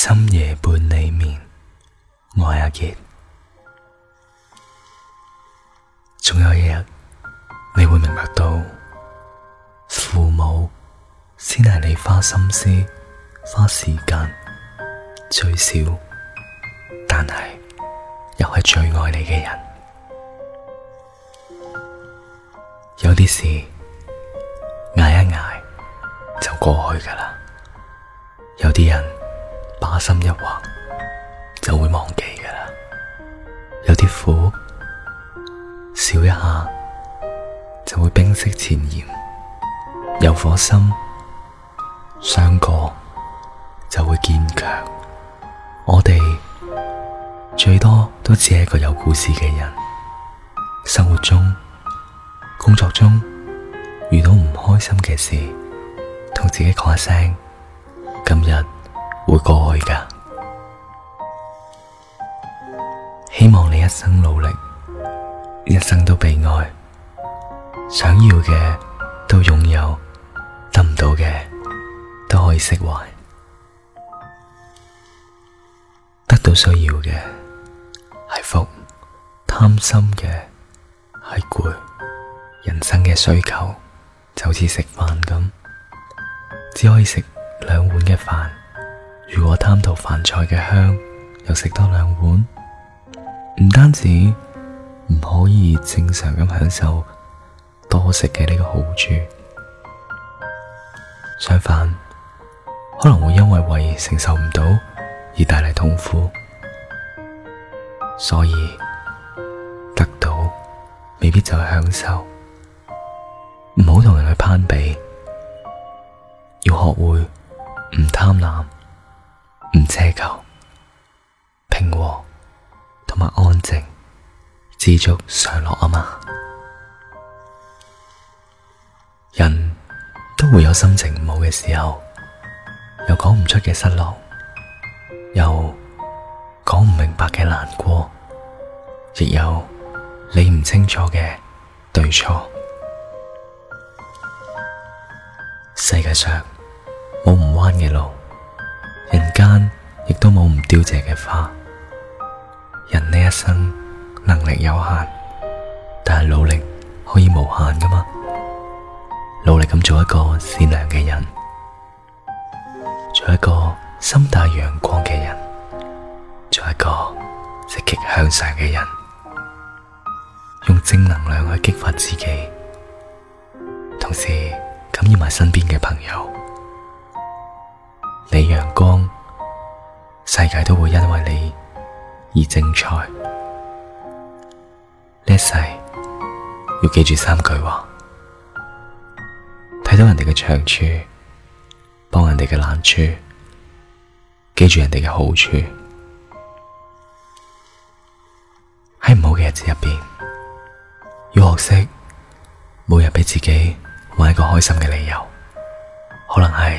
深夜伴你眠，我阿傑。總有一日你會明白到，父母先係你花心思、花時間最少，但係又係最愛你嘅人。有啲事捱一捱就過去噶啦，有啲人。把心一橫，就會忘記噶啦。有啲苦，笑一下就會冰釋前嫌。有顆心，傷過就會堅強。我哋最多都只係一個有故事嘅人。生活中、工作中遇到唔開心嘅事，同自己講一聲，今日。會過去噶，希望你一生努力，一生都被愛，想要嘅都擁有，得唔到嘅都可以釋懷。得到需要嘅係福，貪心嘅係攰。人生嘅需求就似食飯咁，只可以食兩碗嘅飯。如果貪圖飯菜嘅香，又食多兩碗，唔單止唔可以正常咁享受多食嘅呢個好處，相反可能會因為胃而承受唔到而帶嚟痛苦。所以得到未必就係享受，唔好同人去攀比，要學會唔貪婪。唔奢求，平和同埋安靜，知足常樂啊嘛！人都會有心情唔好嘅時候，有講唔出嘅失落，有講唔明白嘅難過，亦有理唔清楚嘅對錯。世界上冇唔彎嘅路，人間。亦都冇唔凋謝嘅花。人呢一生能力有限，但係努力可以無限噶嘛？努力咁做一個善良嘅人，做一個心態陽光嘅人，做一個積極向上嘅人，用正能量去激發自己，同時感染埋身邊嘅朋友，你陽光。世界都會因為你而精彩。呢一世要記住三句話：睇到人哋嘅長處，幫人哋嘅難處，記住人哋嘅好處。喺唔好嘅日子入邊，要學識每日俾自己揾一個開心嘅理由，可能係。